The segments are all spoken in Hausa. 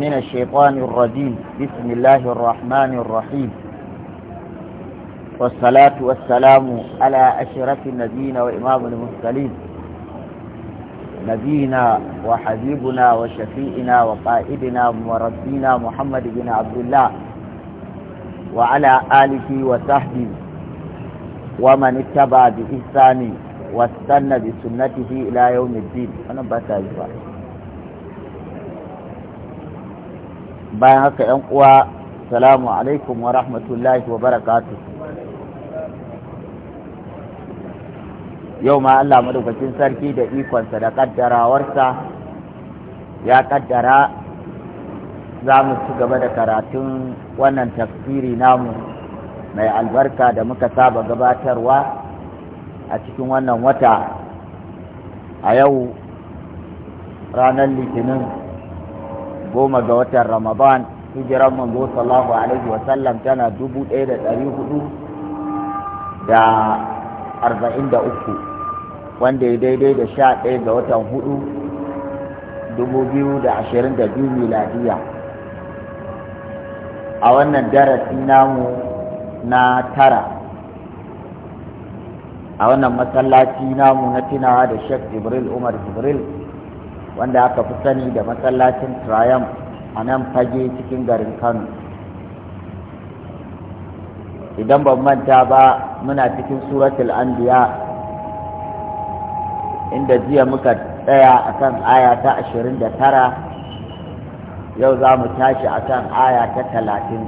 من الشيطان الرجيم بسم الله الرحمن الرحيم والصلاة والسلام على أشرف النبيين وإمام المرسلين نبينا وحبيبنا وشفيئنا وقائدنا وربنا محمد بن عبد الله وعلى آله وصحبه ومن اتبع بإحسان واستنى بسنته إلى يوم الدين أنا بتاجبه bayan haka yan uwa salamu alaikum wa rahmatullahi wa barakatu yau ma Allah madaukakin sarki da ikonsa da kaddarawarsa ya kaddara za mu ci gaba da karatun wannan tafsiri namu mai albarka da muka saba gabatarwa a cikin wannan wata a yau ranar litinin goma ga watan ramadan hijiran manzo sallallahu alaihi sallam tana dubu ɗaya da ɗari hudu da arba'in da uku wanda ya daidai da sha ɗaya ga watan hudu dubu biyu da ashirin da biyu miladiya a wannan darasi namu na tara a wannan masallaci namu na tunawa da shek jibril umar jibril wanda aka fi sani da masallacin triumph a nan fage cikin garin kano idan ban manta ba muna cikin suratul anbiya inda jiya muka tsaya akan aya ta ashirin da tara yau za mu tashi akan aya ta talatin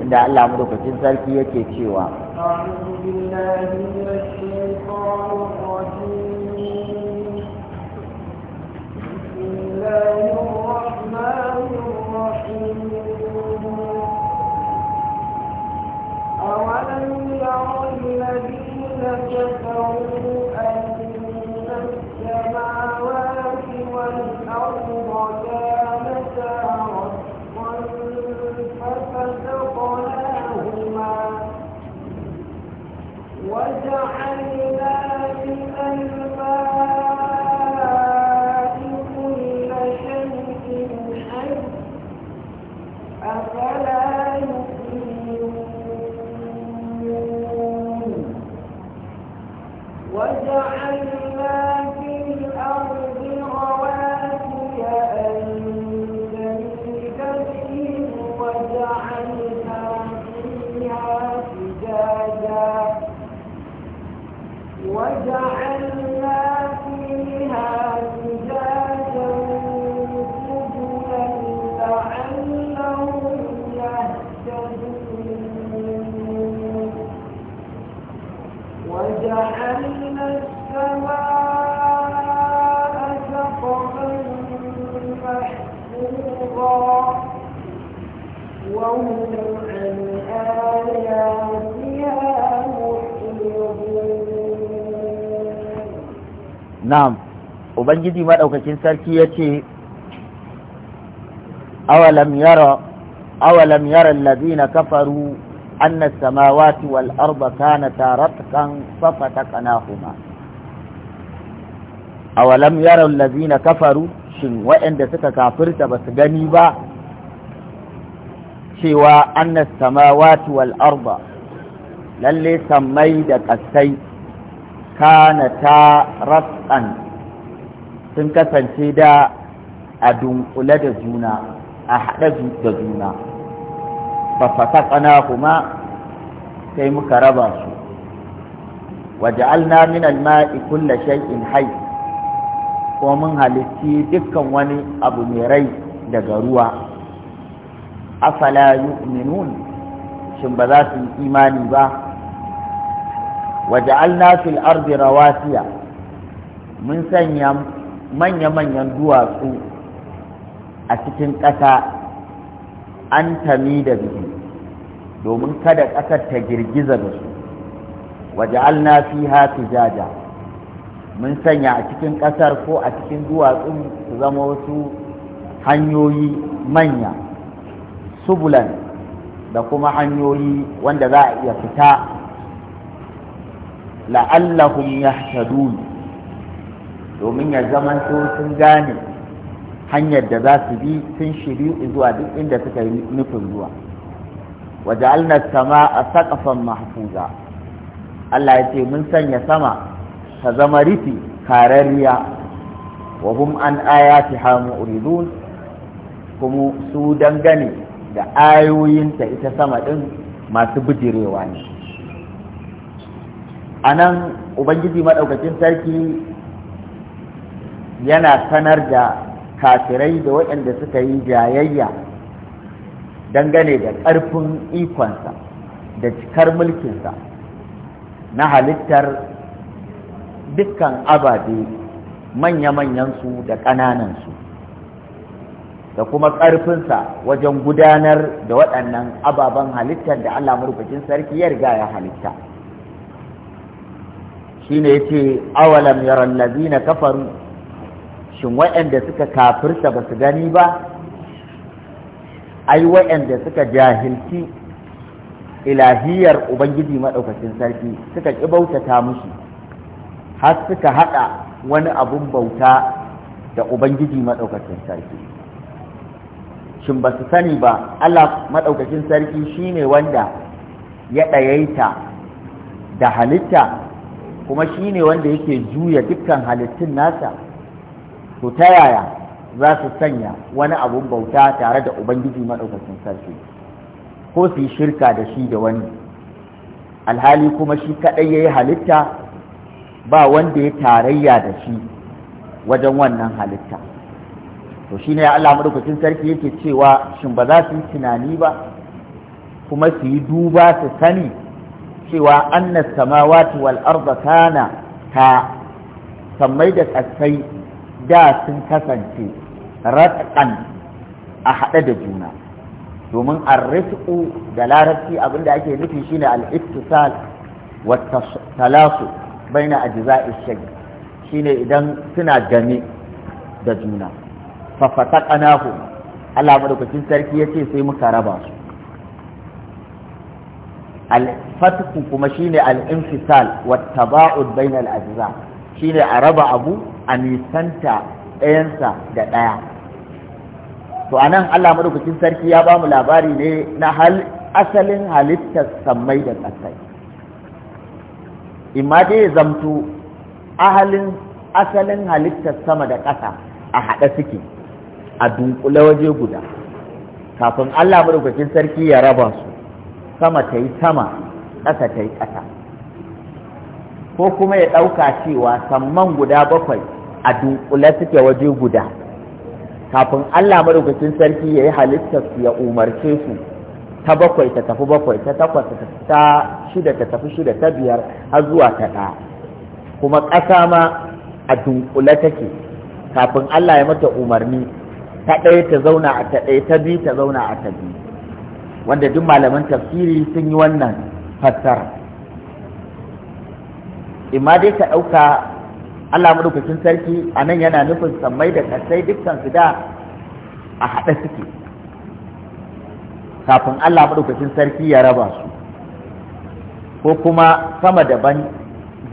inda allah madaukakin sarki yake cewa الله الرحمن الرحيم أولم ير الذين كفروا أن السماوات والأرض كانتا وجعلنا من وجعلنا na'am ubangiji maɗaukakin sarki ya ce awalam yara awalam yara allazina kafaru anna as-samawati wal arda kanata ratqan fafataqnahuma awalam yara allazina kafaru shin waɗanda suka kafirta ba su gani ba cewa An'nas as-samawati wal arda lalle sammai da ƙasai kana ta ratsan, sun kasance da a dunkule da juna a haɗe da juna fafasa tsana kuma sai muka raba su waja'alna min alma'i kulla shay'in hai ko mun halitti dukkan wani abu mai rai daga ruwa afala yu'minun shin ba za su yi imani ba waje fil ardi rawasiya mun sanya manya-manyan duwatsu a cikin ƙasa an tami da biki domin kada ƙasar ta girgiza da su waja'alna fiha fijaja mun sanya a cikin ƙasar ko a cikin duwatsun su zama wasu hanyoyi manya subulan da kuma hanyoyi wanda za a iya fita la'allahum yahtadun domin ya zama sun gane hanyar da za su bi sun shiri'u zuwa duk inda suka yi nufin zuwa waje sama a sakafan mahfuza Allah ya ce mun sanya sama ta zama rufi karariya wa hum an ayatiha mu'ridun kuma su dangane da ayoyinta ita sama din masu bijirewa ne a nan ubangiji maɗaukacin sarki yana sanar da kafirai da waɗanda suka yi jayayya dangane da ƙarfin ikonsa da cikar mulkinsa na halittar dukkan ababe manya-manyansu da ƙananansu da kuma ƙarfinsa wajen gudanar da waɗannan ababen halittar da Allah murfucin sarki ya riga ya halitta shine yace awalam yaral ladina kafaru shin waɗanda suka kafirta ba su gani ba ai waɗanda suka jahilci ilahiyar ubangiji madaukakin sarki suka ƙi bautata mushi har suka haɗa wani abun bauta da ubangiji madaukakin sarki shin ba su sani ba allah maɗaukacin sarki shine wanda ya ɗayaita da halitta kuma shi ne wanda yake juya dukkan halittun nasa to ta yaya za su sanya wani abun bauta tare da ubangiji maɗaukacin sarki ko su yi shirka da shi da wani alhali kuma shi kaɗai ya yi halitta ba wanda ya tarayya da shi wajen wannan halitta to shi ne allah maɗaukacin sarki yake cewa shin ba za su yi tunani ba kuma su yi duba su sani cewa anna samawati wal arda kana ta sammai da tsatsai da sun kasance ratqan a haɗe da juna domin arrisu da larabci abinda ake nufi shine al-ittisal wa talasu baina ajza'i shay shine idan suna game da juna fa fataqnahu Allah madaukakin sarki yace sai muka raba su alfatku kuma shine al-infisal wa taba'ud bainal ajza shine a raba abu a nisanta ɗayansa da ɗaya to a nan, Allah madaukakin sarki ya ba mu labari ne na hal asalin halittar sammai da ƙasai imma dai zamto ahalin asalin halittar sama da ƙasa a haɗa suke a dunkule waje guda kafin Allah madaukakin sarki ya raba su sama ta yi sama ƙasa ta yi ƙasa ko kuma ya ɗauka cewa samman guda bakwai a dunkule suke waje guda kafin Allah madaukakin sarki ya yi halittar su ya umarce su ta bakwai ta tafi bakwai ta takwas ta shida ta tafi shida ta biyar har zuwa ta ɗaya kuma ƙasa ma a dunkule take kafin Allah ya mata umarni ta ɗaya ta zauna a ta ɗaya ta biyu ta zauna a ta biyu wanda duk malaman tafsiri sun yi wannan fassara imma dai ka ɗauka Allah madaukakin sarki a nan yana nufin sammai da kasai dukkan su da a haɗe suke kafin Allah madaukakin sarki ya raba su ko kuma sama daban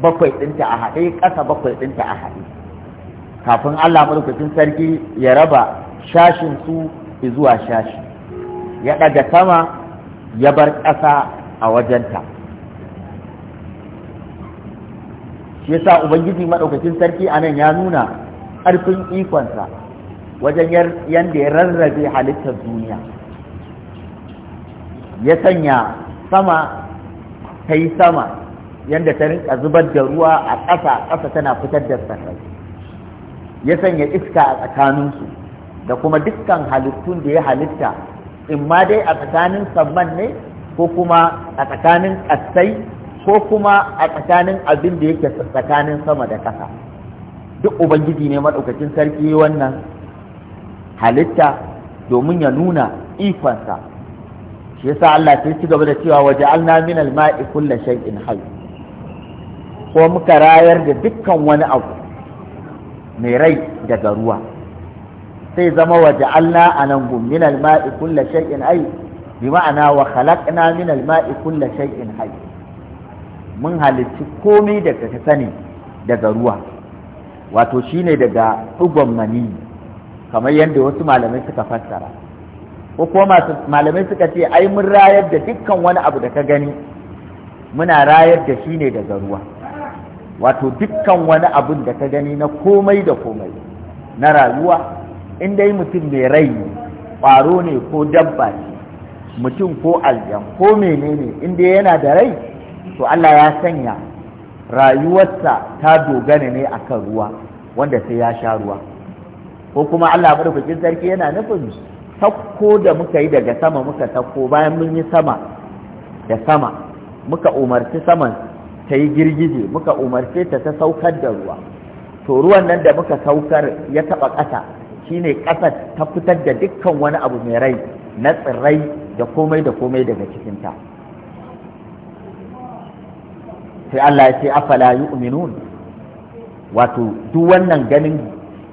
bakwai ɗinta a haɗe ƙasa bakwai ɗinta a haɗe kafin Allah madaukakin sarki ya raba shashin su zuwa shashi ya ɗaga sama ya bar ƙasa a wajenta shi yasa ubangiji maɗaukacin sarki a nan ya nuna ƙarfin ikonsa wajen yadda ya rarrabe halittar duniya ya sanya sama ta yi sama yadda ta rinka zubar da ruwa a ƙasa ƙasa tana fitar da sarrai ya sanya iska a tsakaninsu da kuma dukkan halittun da ya halitta in ma dai a tsakanin samman ne ko kuma a tsakanin ƙasai ko kuma a tsakanin abin da yake tsakanin sama da ƙasa duk ubangiji ne maɗaukacin sarki wannan halitta domin ya nuna ikonsa shi yasa Allah sai ci gaba da cewa waje alna min al-ma'i kullu shay'in hayy ko muka rayar da dukkan wani abu mai rai daga ruwa sai zama wa ja'alna anan nan min al-ma'i kulli shay'in hayy bi ma'ana wa khalaqna min al-ma'i kulli shay'in hayy mun halicci komai daga ta sani daga ruwa wato shine daga dugon mani kamar yadda wasu malamai suka fassara ko kuma malamai suka ce ai mun rayar da dukkan wani abu da ka gani muna rayar da shi ne daga ruwa wato dukkan wani abun da ka gani na komai da komai na rayuwa in dai mutum mai rai ƙwaro ne ko dabba ce mutum ko aljan ko menene in dai yana da rai to Allah ya sanya rayuwarsa ta dogana ne akan ruwa wanda sai ya sha ruwa ko kuma Allah madaukakin sarki yana nufin sakko da muka yi daga sama muka sakko bayan mun yi sama da sama muka umarci saman ta yi girgije muka umarce ta ta saukar da ruwa to ruwan nan da muka saukar ya taɓa ƙasa shine ƙasar ta fitar da dukkan wani abu mai rai na tsirrai da komai da komai daga cikinta sai Allah ya ce afala yu'minun wato duk wannan ganin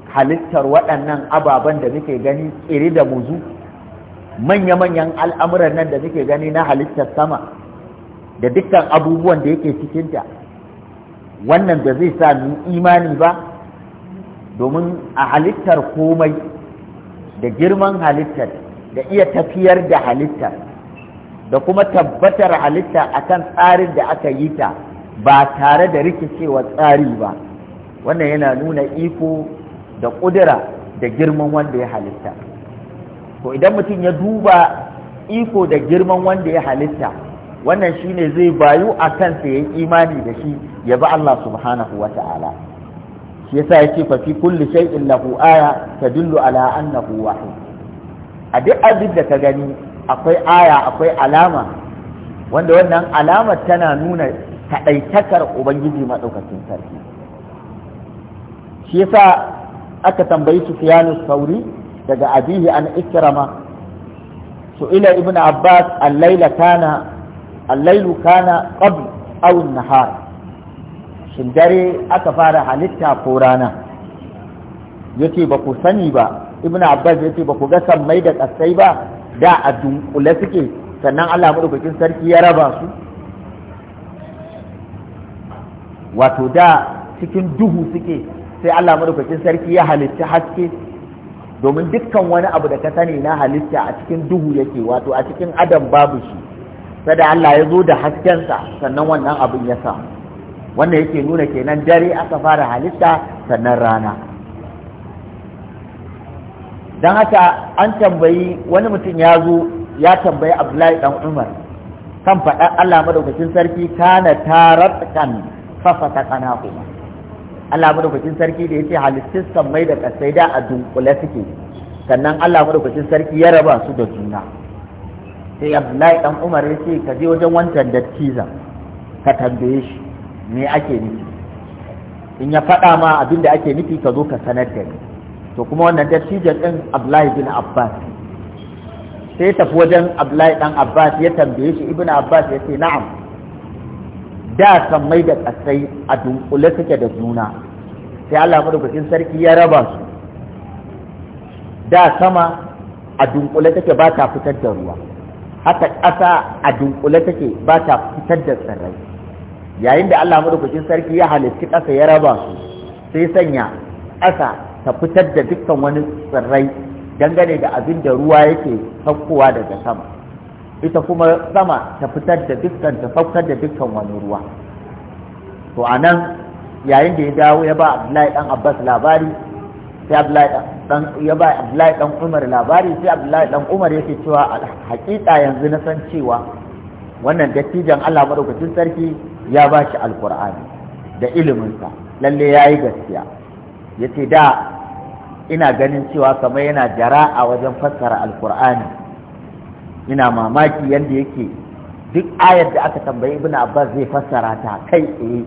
halittar waɗannan ababen da muke gani tsiri da muzu manya-manyan al'amuran nan da muke gani na halittar sama da dukkan abubuwan da yake cikinta wannan da zai sa mu imani ba domin a halittar komai da girman halittar da iya tafiyar da halittar da kuma tabbatar halitta akan tsarin da aka yi ta ba tare da rikicewa tsari ba wannan yana nuna iko da ƙudura da girman wanda ya halitta to idan mutum ya duba iko da girman wanda ya halitta wannan shine zai bayu a kansa ya yi imani da shi ya bi Allah subhanahu wa ta'ala shi yasa ce fa fi kulli shay'in lahu aya dillu ala annahu wahid a duk abin da ka gani akwai aya akwai alama wanda wannan alamar tana nuna kaɗaitakar ubangiji maɗaukakin sarki shi yasa aka tambayi sufyanu sauri daga abihi an ikrama su'ila ibn abbas al-laila kana qabl aw nahar shin dare aka fara halitta ko rana yace ba ku sani ba ibnu abbas yace ba ku ga sammai da kasai ba da a dunkule suke sannan Allah madaukakin sarki ya raba su wato da cikin duhu suke sai Allah madaukakin sarki ya halitta haske domin dukkan wani abu da ka sani na halitta a cikin duhu yake wato a cikin adam babu shi sai da Allah ya zo da haskensa sannan wannan abin ya samu wanda yake nuna kenan dare aka fara halitta sannan rana don haka an tambayi wani mutum ya zo ya tambayi abdullahi dan umar kan faɗa allah madaukakin sarki kana taratkan fafata kana kuma allah madaukakin sarki da ya ce halittun mai da kasai da a dunkule suke sannan allah madaukakin sarki ya raba su da juna sai abdullahi dan umar ya ce ka je wajen wancan dattizan ka tambaye shi me ake nufi in ya faɗa ma abin da ake nufi ka zo ka sanar da ni to kuma wannan dattijan ɗin abdullahi bin abbas sai tafi wajen abdullahi ɗan abbas ya tambaye shi ibn abbas ya ce na'am da mai da ƙasai a dunkule suke da juna sai allah madaukakin sarki ya raba su da sama a dunkule take ba ta fitar da ruwa haka ƙasa a dunkule take ba ta fitar da tsirrai yayin da Allah madaukakin sarki ya halitti ƙasa ya raba su sai sanya ƙasa ta fitar da dukkan wani tsirrai dangane da abin da ruwa yake saukowa daga sama ita kuma sama ta fitar da dukkan ta saukar da dukkan wani ruwa to a nan yayin da ya dawo ya ba abdullahi dan abbas labari sai abdullahi dan ya ba abdullahi dan umar labari sai abdullahi dan umar yake cewa hakika yanzu na san cewa wannan dattijan Allah madaukakin sarki ya ba shi alkur'ani da iliminsa lalle ya yi gaskiya ya ce da ina ganin cewa kamar yana jara a wajen fassara alkur'ani ina mamaki yadda yake duk ayar da aka tambayi ibn abbas zai fassara ta kai tsaye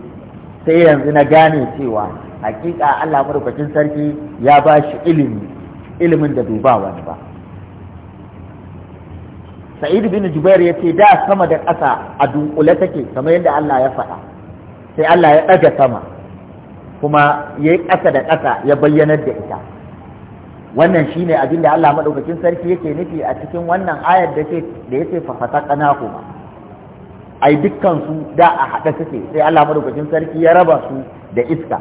sai yanzu na gane cewa hakika allah madaukakin sarki ya ba shi ilimi ilimin da bai ba wani ba Sa'idu bin jubair ya ce da sama da ƙasa a dunkule take kamar yadda Allah ya faɗa sai Allah ya ɗaga sama kuma ya yi ƙasa da ƙasa ya bayyanar da ita wannan shi ne abin da Allah maɗaukakin sarki yake nufi a cikin wannan ayar da ce da yace kuma. fataqnahuma ai dukkan da a haɗa suke sai Allah maɗaukakin sarki ya raba su da iska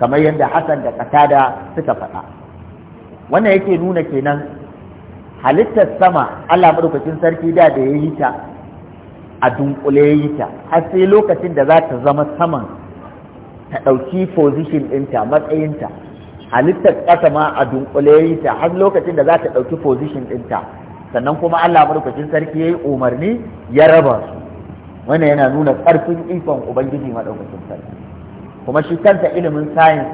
kamar yadda Hassan da katada suka faɗa wannan yake nuna kenan halittar sama Allah madaukakin sarki da da ya yi ta a dunkule ya yi ta har sai lokacin da za ta zama saman ta ɗauki position ɗinta matsayinta halittar ƙasa ma a dunkule ya yi ta har lokacin da za ta ɗauki position ɗinta sannan kuma Allah madaukakin sarki ya yi umarni ya raba su wanda yana nuna ƙarfin ikon ubangiji madaukakin sarki kuma shi kansa ilimin science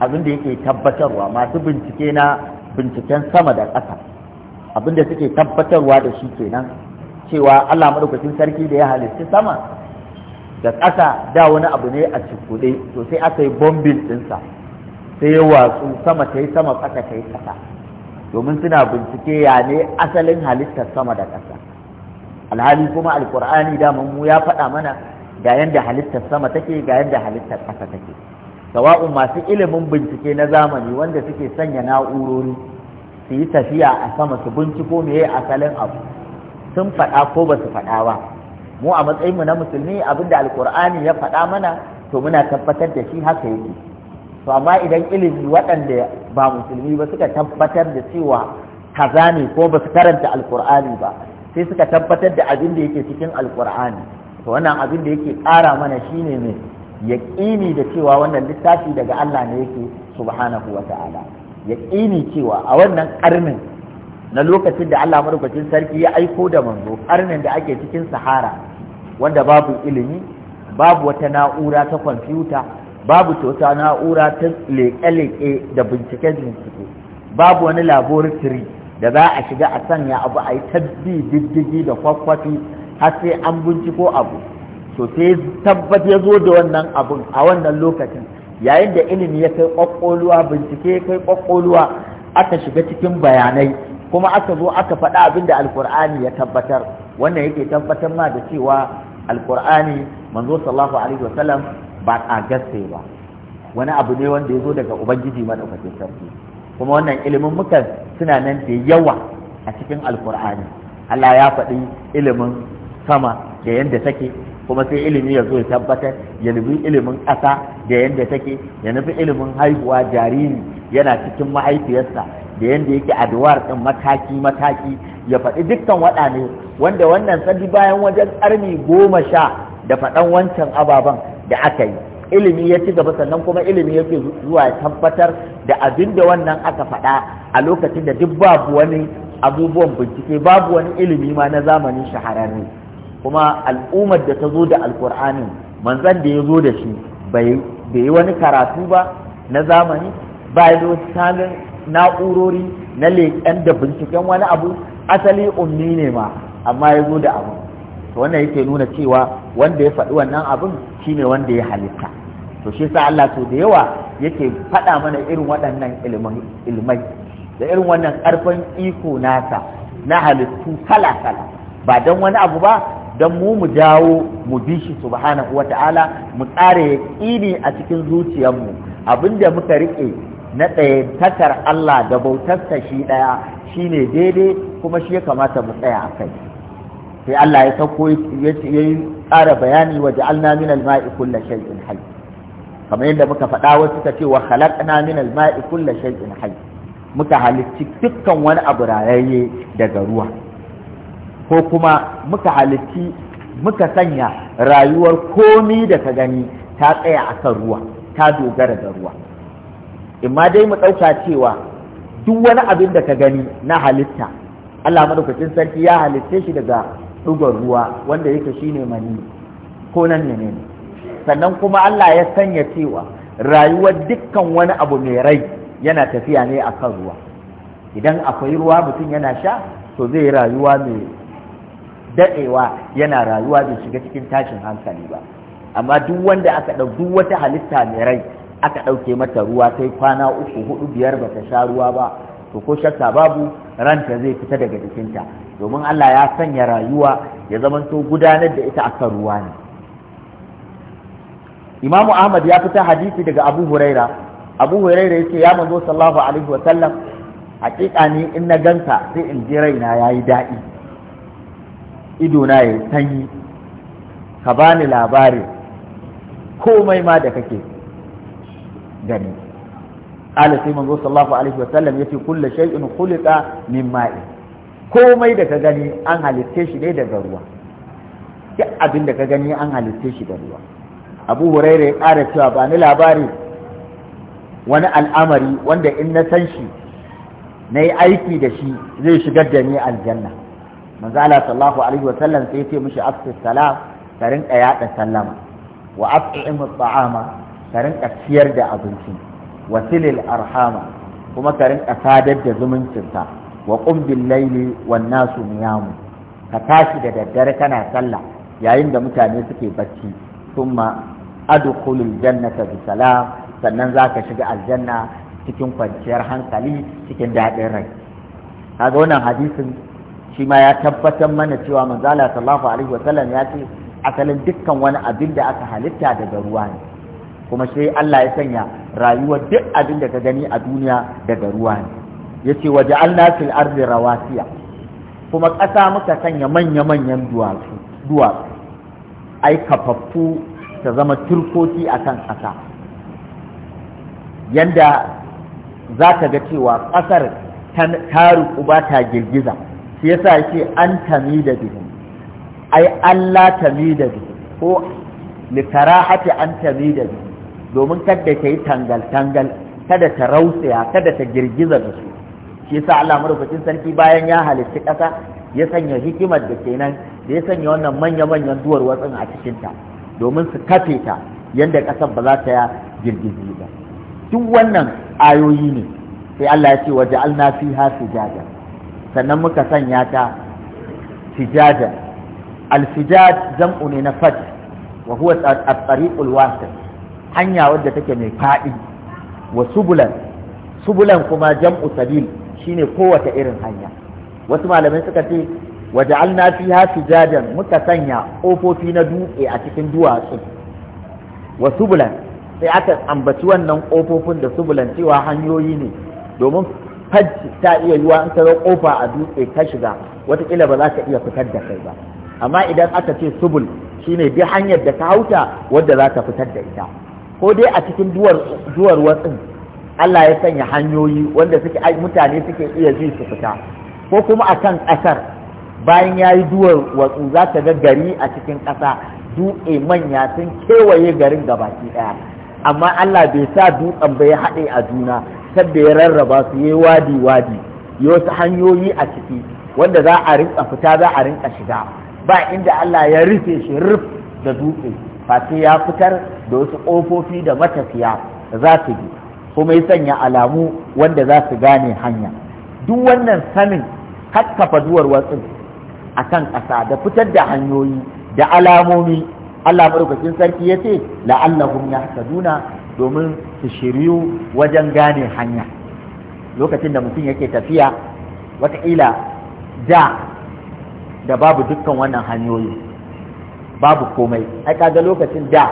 abin da yake tabbatarwa masu bincike na binciken sama da ƙasa Abin da suke tabbatarwa da shi kenan cewa Allah madaukakin sarki da ya halitta sama da ƙasa da wani abu ne a cikuɗe to sai aka yi bombin ɗinsa sai ya watsu sama ta yi sama ƙasa ta yi ƙasa domin suna bincike ya ne asalin halittar sama da ƙasa alhali kuma alkur'ani daman mu ya faɗa mana ga yadda halittar sama take ga yadda halittar ƙasa take sawa'un masu ilimin bincike na zamani wanda suke sanya na'urori su yi tafiya a sama su binciko me ya asalin abu sun faɗa ko ba su faɗa ba mu a matsayin mu na musulmi abinda alkur'ani ya faɗa mana to muna tabbatar da shi haka yake to amma idan ilimi waɗanda ba musulmi ba suka tabbatar da cewa kaza ne ko ba su karanta alkur'ani ba sai suka tabbatar da abin da yake cikin alkur'ani to wannan abin da yake ƙara mana shine ne yaƙini da cewa wannan littafi daga Allah ne yake subhanahu wa ta'ala ya ƙini cewa a wannan ƙarnin na lokacin da Allah madaukakin sarki ya aiko da manzo ƙarnin da ake cikin sahara wanda babu ilimi babu wata na'ura ta kwamfuta babu wata na'ura ta leƙe-leƙe da bincike-bincike babu wani laboratory da za a shiga a sanya abu a yi tabbi diddigi da kwakwafi har sai an binciko abu to sai tabbat ya zo da wannan abun a wannan lokacin yayin da ilimi ya kai kwakwalwa bincike ya kai kwakwalwa aka shiga cikin bayanai kuma aka zo aka faɗa abin da alkur'ani ya tabbatar wannan yake tabbatar ma da cewa alkur'ani manzo sallallahu alaihi wasallam ba gaske ba wani abu ne wanda ya zo daga ubangiji maɗaukakin sarki kuma wannan ilimin muka suna nan da yawa a cikin alkur'ani allah ya faɗi ilimin sama da yadda take kuma sai ilimi ya zo ya tabbatar ya nufi ilimin ƙasa da yadda take ya nufi ilimin haihuwa jariri yana cikin mahaifiyarsa da yadda yake addu'ar ɗin mataki mataki ya faɗi dukkan waɗane wanda wannan sadi bayan wajen ƙarni goma sha da faɗan wancan ababen da aka yi ilimi ya ci gaba sannan kuma ilimi yake zuwa ya tabbatar da abin da wannan aka faɗa a lokacin da duk babu wani abubuwan bincike babu wani ilimi ma na zamanin shahararre kuma al'ummar da ta zo da alkur'ani manzan da ya zo da shi bai yi wani karatu ba na zamani ba ya zo salin na'urori na leƙen da binciken wani abu asali ummi ne ma amma ya zo da abu to wannan yake nuna cewa wanda ya faɗi wannan abin shine wanda ya halitta to shi sa Allah to da yawa yake faɗa mana irin waɗannan ilmai da irin wannan ƙarfin iko nasa na halittu kala kala ba don wani abu ba don mu mu dawo mu bi shi subhanahu wa ta'ala mu tsara yaƙini a cikin zuciyarmu abinda muka riƙe na ɗaya takar Allah da bautarsa shi ɗaya shine daidai kuma shi ya kamata mu tsaya a kai sai Allah ya sauko ya yi ƙara bayani wa ja'alna min al-ma'i kulla shay'in hayy kamar yadda muka faɗa wasu suka ce wa khalaqna min al-ma'i kulla shay'in hayy muka halicci dukkan wani abu rayayye daga ruwa ko kuma muka halitti muka sanya rayuwar komi da ka gani ta tsaya a kan ruwa ta dogara da ruwa imma dai mu ɗauka cewa duk wani abin da ka gani na halitta Allah madaukakin sarki ya halitte shi daga ɗugar ruwa wanda yake shine mani ko nan ne sannan kuma Allah ya sanya cewa rayuwar dukkan wani abu mai rai yana tafiya ne akan ruwa idan akwai ruwa mutum yana sha to zai rayuwa mai daɗewa yana rayuwa bai shiga cikin tashin hankali ba amma duk wanda aka ɗau duk wata halitta mai rai aka ɗauke mata ruwa sai kwana uku hudu biyar ba ta sha ruwa ba to ko shakka babu ranta zai fita daga jikinta domin Allah ya sanya rayuwa ya zamanto gudanar da ita akan ruwa ne Imam Ahmad ya fita hadisi daga Abu Huraira Abu Huraira yace ya manzo sallallahu alaihi wa sallam hakika ne in na ganka sai in ji raina yayi daɗi idona ya sanyi ka bani labari komai ma da kake gani qala sai manzo sallallahu alaihi wa sallam yace kullu shay'in khuliqa min ma'i komai da ka gani an halitte shi ne daga ruwa duk abin da ka gani an halitte shi da ruwa abu huraira ya ƙara cewa ba ni labari wani al'amari wanda in na san shi na yi aiki da shi zai shigar da ni aljanna manzo Allah sallallahu alaihi wa sallam sai ya mishi afsis salam ka rinka yada sallama wa at'im at'ama ka rinka ciyar da abinci wa silil arhama kuma ka rinka sadar da zumuncinka wa qum bil layli wan nasu niyamu ka tashi da daddare kana sallah yayin da mutane suke bacci thumma adkhulul jannata bi salam sannan zaka shiga aljanna cikin kwanciyar hankali cikin daɗin rai kaga wannan hadisin shi ma ya tabbatar mana cewa manzala sallallahu alaihi wasallam ya ce asalin dukkan wani abin da aka halitta daga ruwa ne kuma sai Allah ya sanya rayuwar duk abin da ka gani a duniya daga ruwa ne yace waja'alna fil ardi rawasiya kuma ƙasa muka sanya manya-manyan duwatsu duwatsu ai kafaffu ta zama turkoki akan ƙasa yanda za ka ga cewa ƙasar ta riƙu ba ta girgiza shi sa yake an tami da bihi ai Allah tami da bihi ko likarahati an tami da bihi domin kada ta yi tangal-tangal kada ta rausaya kada ta girgiza da su shi sa Allah marufacin sarki bayan ya halitta ƙasa ya sanya hikimar da kenan da ya sanya wannan manya-manyan duwar watsin a cikinta domin su kafe ta yadda ƙasar ba za ta ya girgizi ba duk wannan ayoyi ne sai Allah ya ce waje alna fi ha sujada sannan muka sanya ta fijada alfijad jam'u ne na fat wa huwa at-tariqul wasil hanya wadda take mai fadi wa subulan subulan kuma jam'u sabil shine kowace irin hanya wasu malamai suka ce waja'alna fiha fijadan muka sanya kofofi na dutse a cikin duwatsu wa subulan sai aka ambaci wannan kofofin da subulan cewa hanyoyi ne domin hajji ta iya yiwa in ta kofa a dutse ka shiga watakila ba za ka iya fitar da kai ba amma idan aka ce subul shine bi hanyar da ka hauta wadda za ka fitar da ita ko dai a cikin duwar watsin Allah ya sanya hanyoyi wanda suke mutane suke iya ji su fita ko kuma a kan ƙasar bayan ya yi duwar watsu za ka ga gari a cikin ƙasa dutse manya sun kewaye garin gabaki ɗaya amma Allah bai sa dutsen bai haɗe a juna sadda ya rarraba su yayi wadi wadi yi wasu hanyoyi a ciki wanda za a rinka fita za a rinka shiga ba inda Allah ya rufe shi ruf da dutse face ya fitar da wasu ƙofofi da matafiya za su bi kuma ya sanya alamu wanda za su gane hanya duk wannan sanin kakkafa duwar watsin a kan ƙasa da fitar da hanyoyi da alamomi Allah maɗaukakin sarki ya ce la'allahum yahtaduna domin su shiryu wajen gane hanya lokacin da mutum yake tafiya wataƙila da da babu dukkan wannan hanyoyi babu komai ai kaga lokacin da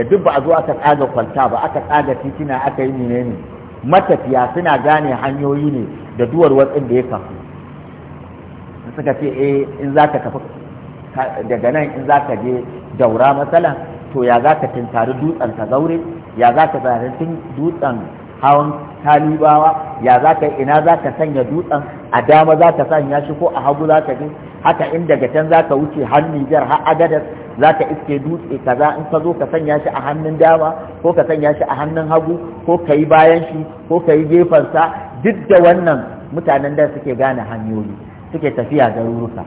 da duk ba a zo aka tsaga kwalta ba aka tsaga titina aka yi ne ne matafiya suna gane hanyoyi ne da duwar watsin da ya kafu suka ce eh in za ka tafi daga nan in za ka je daura matsala to ya za ka tuntari dutsen ka zaure ya za ka tun dutsen hawan talibawa ya za ka ina za ka sanya dutsen a dama za ka sanya shi ko a hagu za ka je haka in daga can za ka wuce har Nijar har agadar za ka iske dutse kaza in ka zo ka sanya shi a hannun dama ko ka sanya shi a hannun hagu ko ka yi bayan shi ko ka yi gefensa duk da wannan mutanen da suke gane hanyoyi suke tafiya garuruka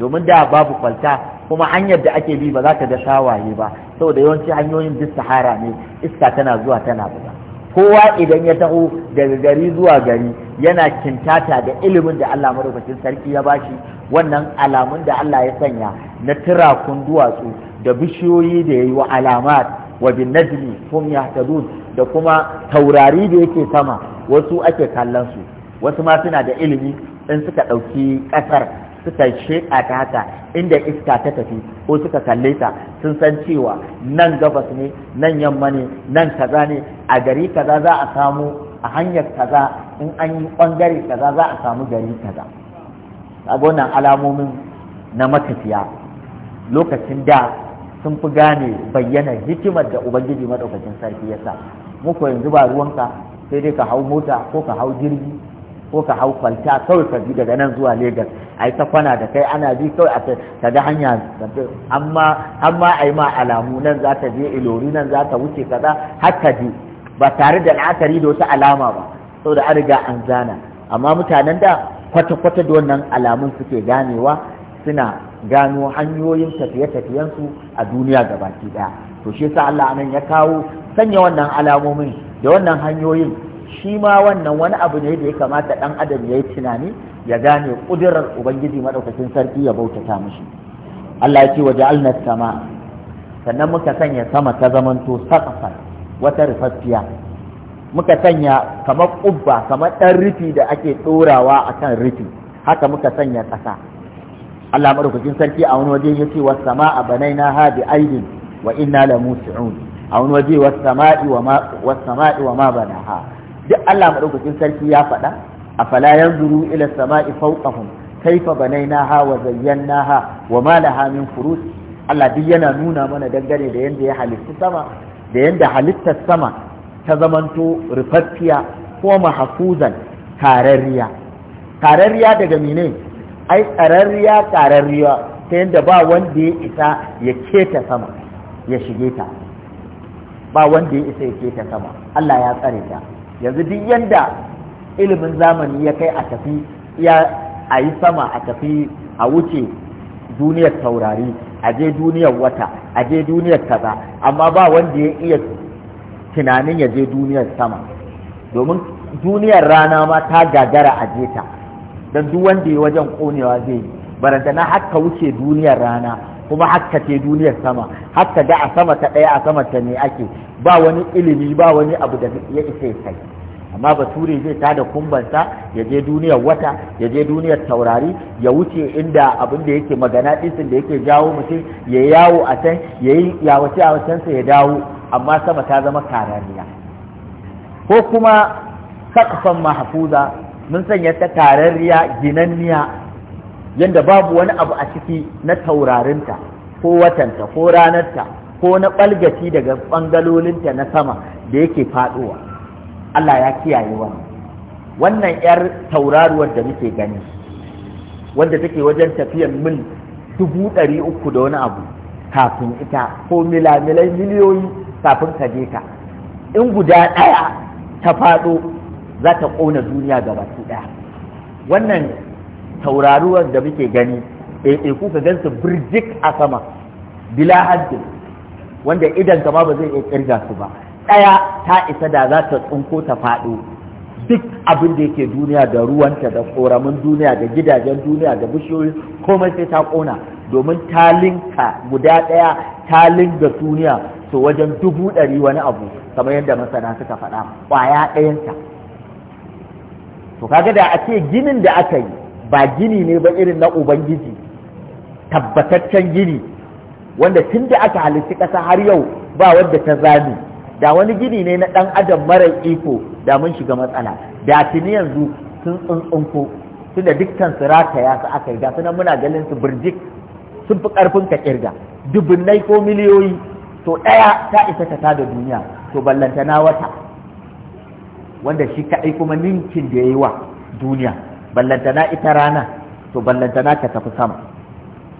domin da babu kwalta kuma hanyar da ake bi ba za ka ga shawaye ba saboda yawanci hanyoyin duk sahara ne iska tana zuwa tana buga kowa idan ya taho daga gari zuwa gari yana kintata da ilimin da Allah madaukakin sarki ya bashi wannan alamun da Allah ya sanya na tirakun duwatsu da bishiyoyi da yayi wa alamat wa bin najmi hum yahtadun da kuma taurari da yake sama wasu ake kallon su wasu ma suna da ilimi in suka ɗauki ƙasar suka sheƙa ta haka inda iska ta tafi ko suka kalle ta sun san cewa nan gabas ne nan yamma ne nan kaza ne a gari kaza za a samu a hanyar kaza in an yi ɓangare kaza za a samu gari kaza wannan alamomin na matafiya lokacin da sun fi gane bayyana hikimar da ubangiji maɗaukakin sarki ya sa muku yanzu ba ruwanka sai dai ka hau mota ko ka hau jirgi ko ka hau kwalta kawai ka bi daga nan zuwa Legas ai ta kwana da kai ana bi kawai a ka ga hanya amma amma ai ma alamu nan za ta je ilori nan za ta wuce kaza har ka je ba tare da la'akari da wata alama ba saboda an riga an zana amma mutanen da kwata-kwata da wannan alamun suke ganewa suna gano hanyoyin tafiye-tafiyensu a duniya gabaki daya to shi yasa Allah anan ya kawo sanya wannan alamomin da wannan hanyoyin shi ma wannan wani abu ne da ya kamata ɗan adam ya yi tunani ya gane ƙudurar ubangiji maɗaukakin sarki ya bautata mishi Allah ya ce waje ja'alna sama sannan muka sanya sama ta zamanto saqafan wata rufaffiya muka sanya kamar ƙubba kamar ɗan rufi da ake ɗorawa a kan rufi haka muka sanya ƙasa Allah maɗaukakin sarki a wani waje ya ce wa a banaina ha bi aidin wa inna la musi'un a wani waje wa sama'i wa ma banaha duk Allah madaukakin sarki ya faɗa A afala zuru ila sama'i fawqahum kaifa banaynaha wa zayyannaha wa ma laha min furuj Allah duk yana nuna mana dangane da yanda ya halitta sama da yanda halittar sama ta zamanto rufaffiya ko mahfuzan kararriya kararriya daga mene ai kararriya kararriya ta yanda ba wanda ya isa ya keta sama ya shige ta ba wanda ya isa ya keta sama Allah ya tsare ta yanzu duk yanda ilimin zamani ya kai a tafi ya a yi sama a tafi a wuce duniyar taurari a je duniyar wata a je duniyar kaza amma ba wanda ya iya tunanin ya je duniyar sama domin duniyar rana ma ta gagara a je ta don duk wanda ya wajen konewa zai yi barantana haka wuce duniyar rana kuma hakka ce duniyar sama hakka da a sama ta ɗaya a sama ta ne ake ba wani ilimi ba wani abu da ya isa ya kai amma bature zai ta da kumbansa ya je duniyar wata ya je duniyar taurari ya wuce inda abin da yake magana ɗinsin da yake jawo mutum ya yawo a can ya yi yawace a sa ya dawo amma sama ta zama karariya ko kuma sakfan mahafuza mun sanya ta karariya ginanniya yadda babu wani abu a ciki na taurarinta ko watanta ko ranarta ko na ɓalgaci daga ɓangalolinta na sama da yake faɗowa Allah ya kiyaye wannan wannan 'yar tauraruwar da muke gani wanda take wajen tafiyan mil dubu ɗari uku da wani abu kafin ita ko milamilai miliyoyi kafin ka je ka in guda ɗaya ta faɗo za ta ƙona duniya gaba ɗaya wannan tauraruwar da muke gani eh ku ka gansu birjik a sama bila haddin wanda idan ba zai iya kirga su ba ɗaya ta isa da za ta tsinko ta faɗo duk abin da yake duniya da ruwanta da ƙoramin duniya da gidajen duniya da bishiyoyi komai sai ta ƙona domin talinka guda ɗaya talin da duniya to wajen dubu ɗari wani abu kamar yadda masana suka faɗa ƙwaya ɗayanta to kaga da a ce ginin da aka yi ba gini ne ba irin na ubangiji tabbataccen gini wanda tun da aka halitta ƙasa har yau ba wadda ta zami da wani gini ne na ɗan adam mara iko da mun shiga matsala da tuni yanzu sun tsuntsunko da dukkan su rataya su aka yi gasu nan muna ganin su birjik sun fi ƙarfin ka ƙirga dubunnai ko miliyoyi to ɗaya ta isa ta da duniya to ballantana wata wanda shi kaɗai kuma ninkin da ya yi wa duniya ballantana ita rana to ballantana ka tafi sama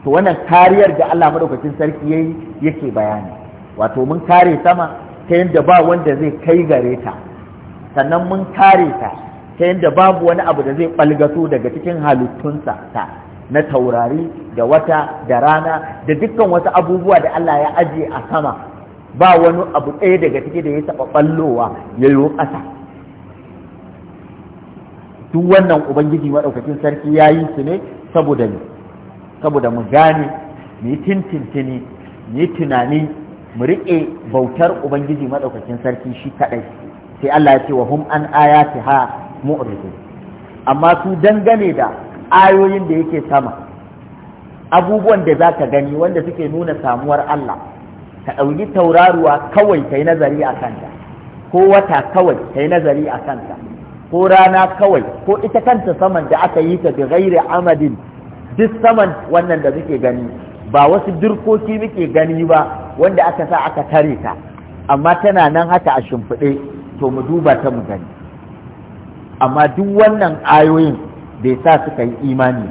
to wannan kariyar da Allah madaukakin sarki yayi yake bayani wato mun kare sama ta yadda ba wanda zai kai gare ta sannan mun kare ta ta yadda babu wani abu da zai balgato daga cikin halittunsa ta na taurari da wata da rana da dukkan wasu abubuwa da Allah ya ajiye a sama ba wani abu ɗaya daga ciki da ya taɓa ɓallowa ya yi ƙasa duk wannan ubangiji maɗaukakin sarki ya yi su ne saboda mu saboda mu gane mu yi tintintini mu yi tunani mu riƙe bautar ubangiji maɗaukakin sarki shi kaɗai sai Allah ya ce wa hum an ayati ha mu'ridu amma su dangane da ayoyin da yake sama abubuwan da za ka gani wanda suke nuna samuwar Allah ka ɗauki tauraruwa kawai ka yi nazari a kanta ko wata kawai ka yi nazari a kanta ko rana kawai ko ita kanta saman da aka yi ta da amadin duk saman wannan da muke gani ba wasu dirkoki muke gani ba wanda aka sa aka tare ta amma tana nan haka a shimfiɗe to mu duba ta mu gani amma duk wannan ayoyin bai sa suka yi imani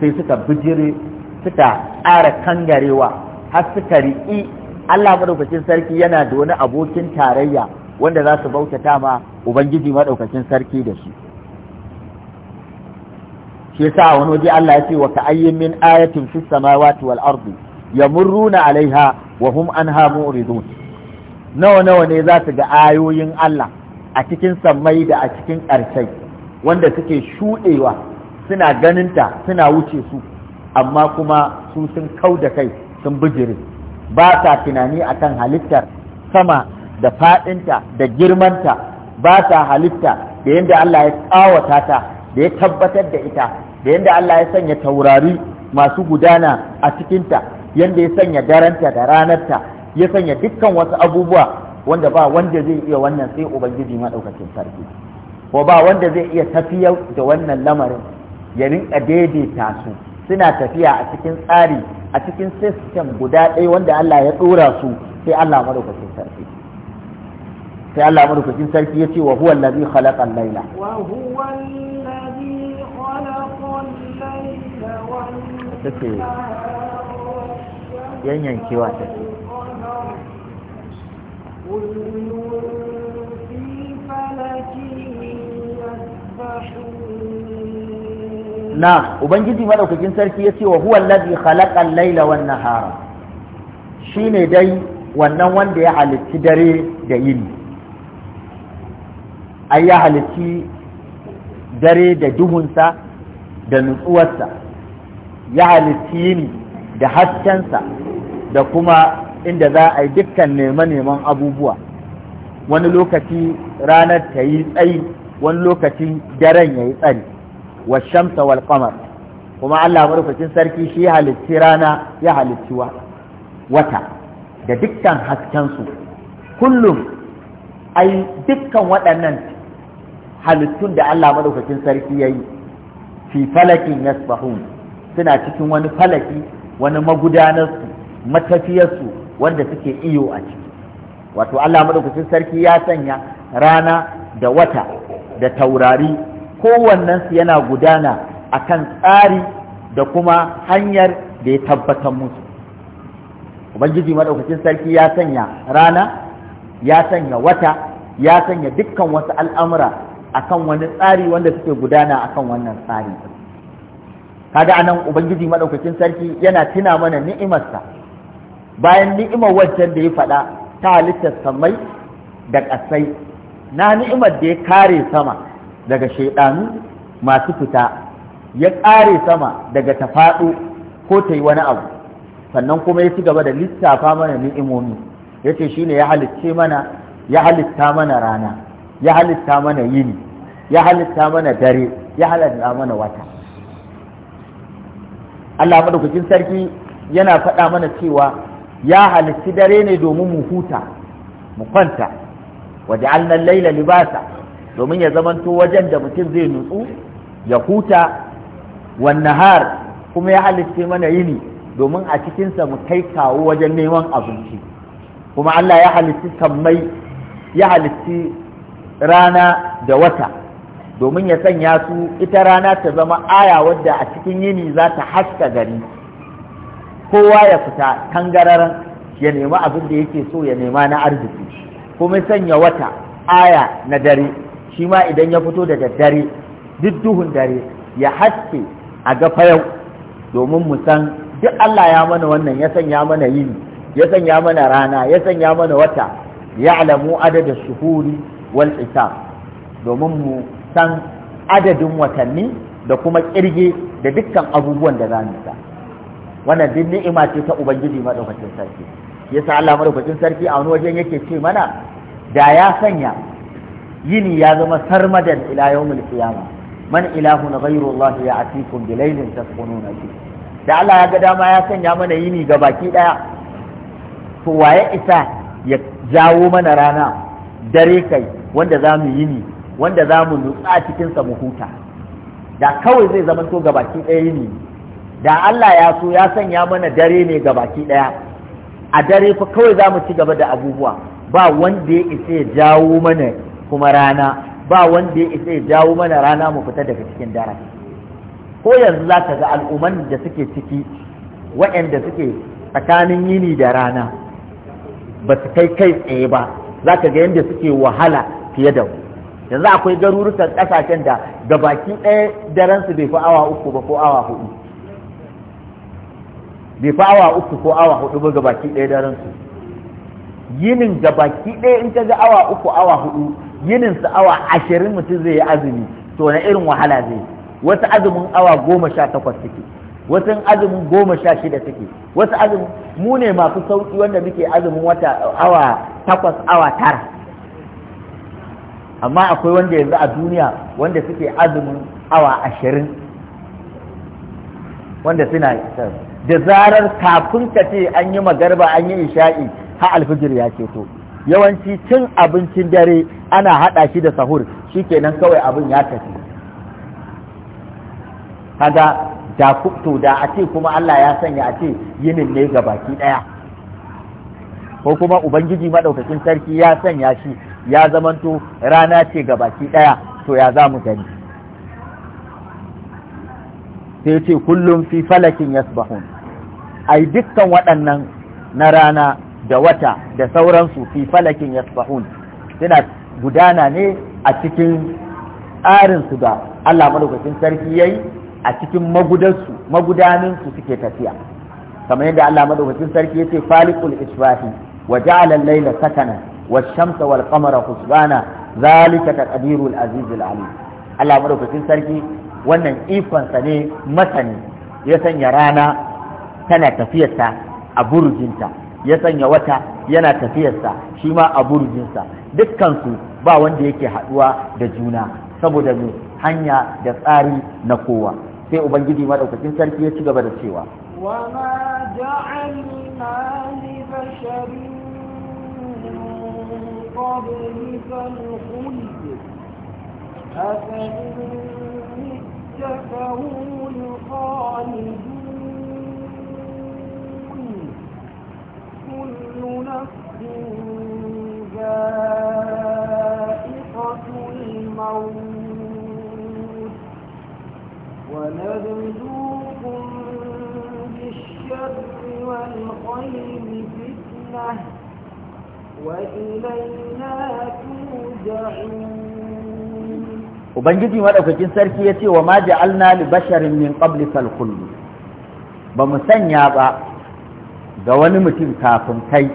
sai suka bijire suka ƙara kangarewa har suka riƙi Allah madaukakin sarki yana da wani abokin tarayya wanda za su bautata ma ubangiji maɗaukacin sarki da shi shi sa wani waje Allah ya ce wa ka ayyin min ayatin fis samawati wal ardi yamurruna alaiha wa hum anha mu'ridun nawa nawa ne za su ga ayoyin Allah a cikin sammai da a cikin ƙarshe wanda suke shuɗewa suna ganinta suna wuce su amma kuma su sun kau da kai sun bijire ba sa tunani akan halittar sama da faɗinta da girmanta ba ta halitta da yadda Allah ya tsawata ta da ya tabbatar da ita da yadda Allah ya sanya taurari masu gudana a cikinta yadda ya sanya daranta da ranarta ya sanya dukkan wasu abubuwa wanda ba wanda zai iya wannan sai ubangiji maɗaukacin sarki ko ba wanda zai iya tafiya da wannan lamarin ya rinka daidaita su suna tafiya a cikin tsari a cikin sistem guda ɗaya wanda Allah ya ɗora su sai Allah maɗaukacin sarki sai Allah madaukakin sarki ya ce wa huwa allazi khalaqa al-laila wa huwa allazi khalaqa al-laila take na ubangiji madaukakin sarki ya ce wa huwa allazi khalaqa al-laila wan nahara shine dai wannan wanda ya halitti dare da yini ai ya halicci dare da duhunsa da nutsuwarsa ya halicci yini da haskensa da kuma inda za a yi dukkan neman abubuwa wani lokaci ranar ta yi tsayi wani lokaci daren ya yi tsari wa shamsa wal qamar kuma Allah marufacin sarki shi ya halici rana ya halicci wata da dukkan haskensu kullum ai dukkan waɗannan halittun da Allah madaukakin sarki yayi fi falakin yasbahun suna cikin wani falaki wani magudanarsu matafiyarsu wanda suke iyo a ciki wato Allah madaukakin sarki ya sanya rana da wata da taurari kowannensu yana gudana akan tsari da kuma hanyar da ya tabbatar musu ubangiji madaukakin sarki ya sanya rana ya sanya wata ya sanya dukkan wasu al'amura akan wani tsari wanda suke gudana akan wannan tsari kaga anan ubangiji madaukakin sarki yana tuna mana ni'imarsa bayan ni'imar wancan da ya faɗa ta halittar samai da ƙasai na ni'imar da ya kare sama daga shaidanu masu fita ya kare sama daga ta faɗo ko ta yi wani abu sannan kuma ya ci gaba da lissafa mana ni'imomi yace ce shine ya halicce mana ya halitta mana rana ya halitta mana yini ya halitta mana dare ya halitta mana wata Allah madaukakin sarki yana faɗa mana cewa ya halitti dare ne domin mu huta mu kwanta waje annan laila libasa domin ya zamanto wajen da mutum zai nutsu ya huta wannan har kuma ya halitta mana yini domin a cikinsa mu kai kawo wajen neman abinci kuma Allah ya halitti sammai ya halitti rana da wata domin ya sanya su ita rana ta zama aya wadda a cikin yini za ta haska gari kowa ya fita tangararan ya nema abin da yake so ya nema na arziki kuma sanya wata aya na dare shi ma idan ya fito daga dare duk duhun dare ya haske a gafa yau domin mu san duk Allah ya mana wannan ya sanya mana yini ya sanya mana rana ya sanya mana wata ya alamu adadin shuhuri wal domin mu san adadin watanni da kuma ƙirge da dukkan abubuwan da zamu sa wannan duk ni'ima ce ta ubangiji maɗaukacin sarki yasa Allah madaukakin sarki a wani wajen yake ce mana da ya sanya yini ya zama sarmadan ila yawmul qiyamah man ya ghayrullah ya'tikum bilailin tasqununa fi da Allah ya ga dama ya sanya mana yini ga baki daya to waye isa ya jawo mana rana dare kai wanda za mu yi ni wanda za mu nutsa cikinsa mu huta da kawai zai zama to gabaki ɗaya yini da Allah ya so ya sanya mana dare ne gabaki ɗaya a dare fa kawai za mu ci gaba da abubuwa ba wanda ya isa ya jawo mana kuma rana ba wanda ya isa ya jawo mana rana mu fita daga cikin dare ko yanzu za ka ga al'umman da suke ciki waɗanda suke tsakanin yini da rana ba su kai kai tsaye ba za ka ga yadda suke wahala fiye da mu yanzu akwai garurukan kasashen da da baki ɗaya daren su bai fi awa uku ba ko awa hudu bai fi awa uku ko awa hudu ba ga baki ɗaya daren su yinin ga baki ɗaya in ka ga awa uku awa hudu yinin su awa ashirin mutum zai yi azumi to na irin wahala zai wasu azumin awa goma sha takwas suke wasu azumin goma sha shida suke wasu azumin mu ne masu sauki wanda muke azumin wata awa takwas awa tara amma akwai wanda yanzu a duniya wanda suke azumin awa ashirin wanda suna da zarar kafin ka ce an yi magarba an yi isha'i ha alfijir ya ceto yawanci cin abincin dare ana haɗa shi da sahur shikenan kawai abin ya tafi kaga da to da a ce kuma Allah ya sanya a ce yinin ne ga baki ɗaya ko kuma ubangiji maɗaukacin sarki ya sanya shi ya zamanto rana ce ga baki ɗaya to ya za mu gani sai ce kullum fi falakin yasbahun ai dukkan waɗannan na rana da wata da sauransu fi falakin yasbahun suna gudana ne a cikin tsarinsu da Allah madaukakin sarki yi a cikin magudansu magudaninsu suke tafiya kamar yadda Allah madaukakin sarki ya ce falikul isfahi wa ja'alan lallai sakanan والشمس والقمر حسبانا ذلك تقدير العزيز العليم الله مدوكتين sarki wannan ikonsa ne masani ya sanya rana tana tafiyarta a burjinta ya sanya wata yana tafiyarsa shi ma a burjinsa dukkansu ba wanda yake haɗuwa da juna saboda mai hanya da tsari na kowa sai ubangiji maɗaukakin sarki ya ci gaba da cewa wa ma ja'alna li basharin قبلك الخلد أفإن مت فهم الخالدون كل نفس ذائقة الموت ونبلوكم بالشر والخير فتنه Ubangiji maɗaukakin sarki ya ce wa ma ja'alna li basharin min qablikal Kulu, ba mu sanya ba ga wani mutum kafin kai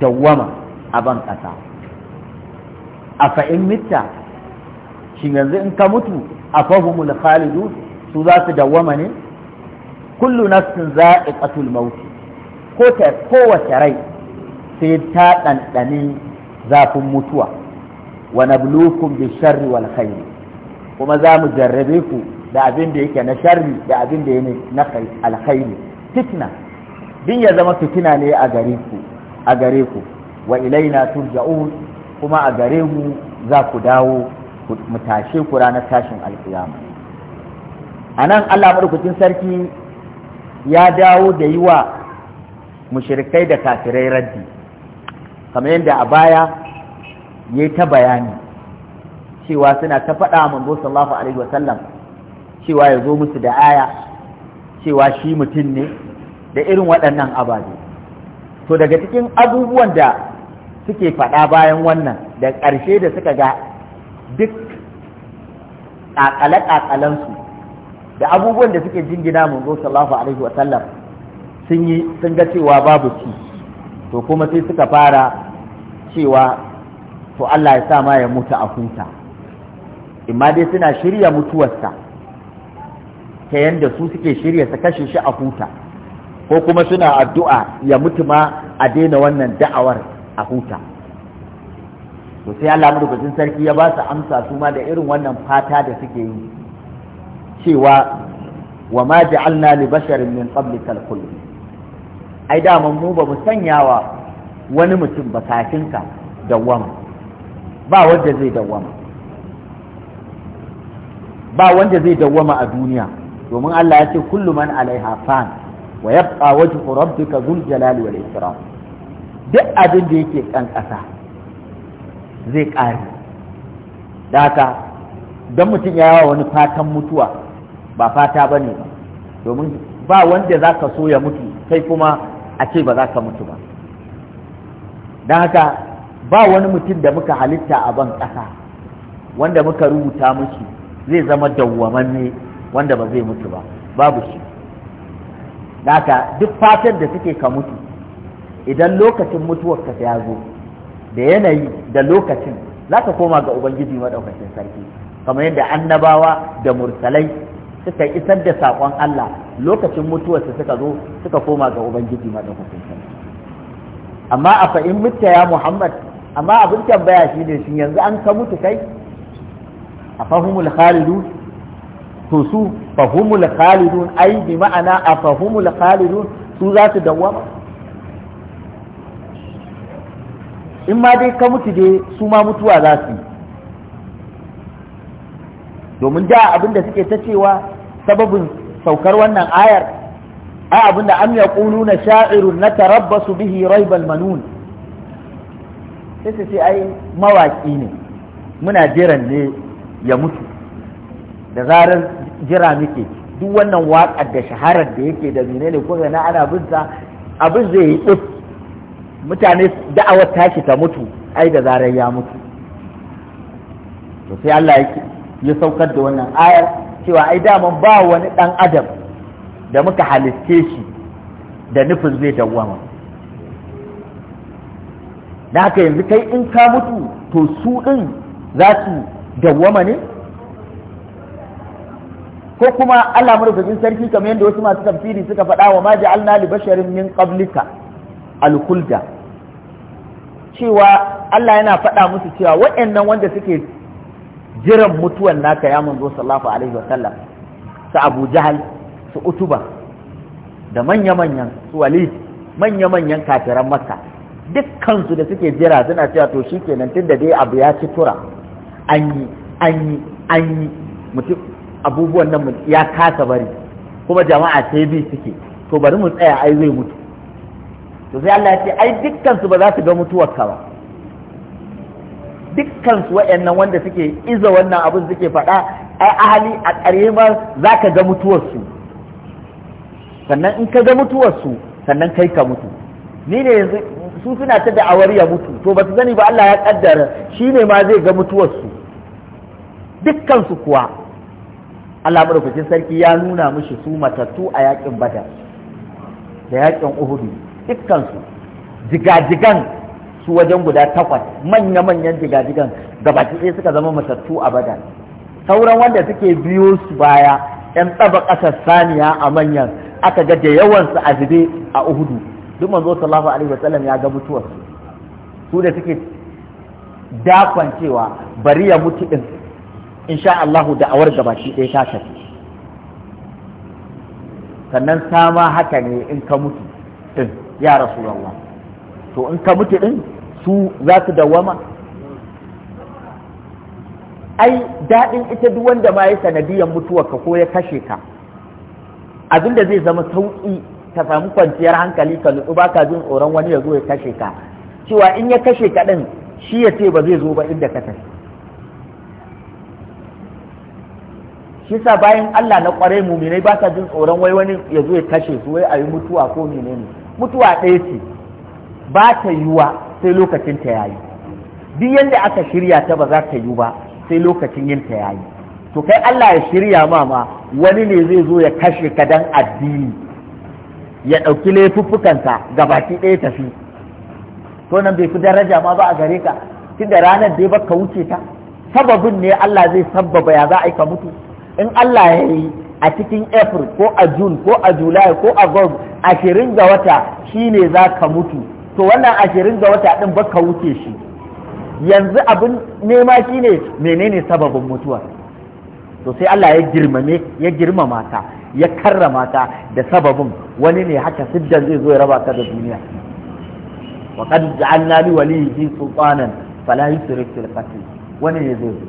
dawwama a ban ƙasa a fa'in shi yanzu in ka mutu a fahimul khalidu su za su dawwama ne kullu nafsin za'iqatul mauti ko kowace rai sai ta ɗanɗani zafin mutuwa wa nabluukum bi sharri wal khairi kuma za mu jarrabe ku da abin da yake na sharri da abin da yake na alkhairi fitna din ya zama fitina ne a gare ku a gare ku wa ilaina turja'un kuma a gare mu za ku dawo mu tashe ku ranar tashin alkiyama anan Allah madaukakin sarki ya dawo da yi wa mushrikai da kafirai raddi kamar yadda a baya ya yi ta bayani cewa suna ta faɗa manzo sallallahu alaihi wasallam cewa ya zo musu da aya cewa shi mutum ne da irin waɗannan ababe to daga cikin abubuwan da suke faɗa bayan wannan da ƙarshe da suka ga duk ƙaƙale-ƙaƙalensu da abubuwan da suke jingina manzo sallallahu alaihi wasallam sun yi sun ga cewa babu ci to kuma sai suka fara cewa to Allah ya sa ma ya mutu a huta imma dai suna shirya mutuwarsa ta yanda su suke shirya su kashe shi a huta ko kuma suna addu'a ya mutu ma a daina wannan da'awar a huta to sai Allah madaukakin sarki ya ba su amsa su ma da irin wannan fata da suke yi cewa wa ma ja'alna li basharin min qablikal khuld ai dama mu ba mu sanyawa wani mutum ba kafin da dawwama ba wanda zai dawwama ba wanda zai dawwama a duniya domin Allah ya ce kullu man alaiha fan wa yabqa wajhu rabbika dhul jalali wal ikram duk abin da yake kan kasa zai ƙare da haka don mutum ya yawa wani fatan mutuwa ba fata ba ne ba domin ba wanda za ka so ya mutu sai kuma a ce ba za ka mutu ba don haka ba wani mutum da muka halitta a ban ƙasa wanda muka rubuta mushi zai zama dawwamanne wanda ba zai mutu ba babu shi haka duk fatan da suke ka mutu idan lokacin mutuwarka ya zo da yanayi da lokacin za ka koma ga ubangiji maɗaukacin sarki kamar yadda annabawa da mursalai suka isar da saƙon Allah lokacin mutuwarsa suka zo suka koma ga ubangiji madaukakin sarki amma a fa'in mutu ya muhammad amma abin tambaya shi ne shi yanzu an ka mutu kai a fahimul khalidu to su fahimul Khalidu ai bi ma'ana a fahimul Khalidu su za su dawwama in ma dai ka mutu dai su ma mutuwa za su yi domin da abin da suke ta cewa sababin saukar wannan ayar ai abinda am na sha'irun natarabbasu bihi raibal manun sai su ce ai mawaki ne muna jiran ne ya mutu da zarar jira muke duk wannan waƙar da shaharar da yake da menene ko na ana binta abin zai yi ɗus mutane da'awar tashi ta mutu ai da zarar ya mutu to sai Allah ya saukar da wannan ayar cewa ai daman ba wani ɗan adam da muka halitte shi da nufin zai dawwama na haka yanzu kai in ka mutu to su ɗin za su dawwama ne ko kuma Allah madaukakin sarki kamar yadda wasu masu tafsiri suka faɗa wa ma li basharin min qablika alkulda cewa Allah yana faɗa musu cewa waɗannan wanda suke jiran mutuwan naka ya manzo sallallahu alaihi wasallam su abu jahal su utuba da manya-manyan su walid manya-manyan kafiran makka su da suke jira suna cewa to shi tunda dai abu ya ci tura an yi an yi an yi mutum abubuwan nan ya kasa bari kuma jama'a sai bi suke to bari mu tsaya ai zai mutu to sai Allah ya ce ai su ba za su ga mutuwar ka ba dukkan su wa'annan wanda suke iza wannan abin suke faɗa ai ahali a ƙarshe ma za ka ga mutuwarsu sannan in ka ga mutuwarsu sannan kai ka mutu ni ne yanzu su suna ta da'awar ya mutu to ba su sani ba Allah ya kaddara shi ne ma zai ga mutuwarsu dukkan su kuwa Allah madaukakin sarki ya nuna mushi su matattu a yakin badar da yakin uhudu dukkan su jigajigan su wajen guda takwas manya-manyan jigajigan gabaki ɗaya suka zama matattu a badan sauran wanda suke biyo su baya yan tsaba ƙasar saniya a manyan aka ga da yawansu a zube a uhudu duk manzo sallallahu alaihi wasallam ya ga mutuwar su da suke dakon cewa bari ya mutu din insha Allahu da'awar gabaki ɗaya ta tafi sannan sama haka ne in ka mutu din ya rasulullah to in ka mutu din su za su dawama ai daɗin ita duk wanda ma ya mutuwa mutuwarka ko ya kashe ka abinda zai zama sauƙi ka samu kwanciyar hankali ka nutsu ba ka jin tsoron wani ya zo ya kashe ka cewa in ya kashe ka ɗin shi ya ce ba zai zo ba inda ka tafi shi sa bayan Allah na ƙwarai muminai ba sa jin tsoron wai wani ya zo ya kashe su wai a yi mutuwa ko menene mutuwa ɗaya ce ba ta yiwa sai lokacin ta yayi duk yadda aka shirya ta ba za ta yi ba sai lokacin yin ta yayi to kai Allah ya shirya ma ma wani ne zai zo ya kashe ka dan addini ya ɗauki laifuffukansa ga baki ɗaya tafi to nan bai fi daraja ma ba a gare ka tunda ranar dai ka wuce ta sababin ne Allah zai sabbaba ya za a ka mutu in Allah ya yi a cikin april ko a june ko a july ko a august ashirin ga wata shine za ka mutu to wannan ashirin ga wata ɗin baka wuce shi yanzu abin nema ne, menene sababin mutuwa to sai Allah ya girmame ya girmama ta ya karrama ta da sababin wani ne haka siddan zai zo ya raba ka da duniya wa qad ja'alna li waliyyi sultanan fala yusrif fil qatl wani ne zai zo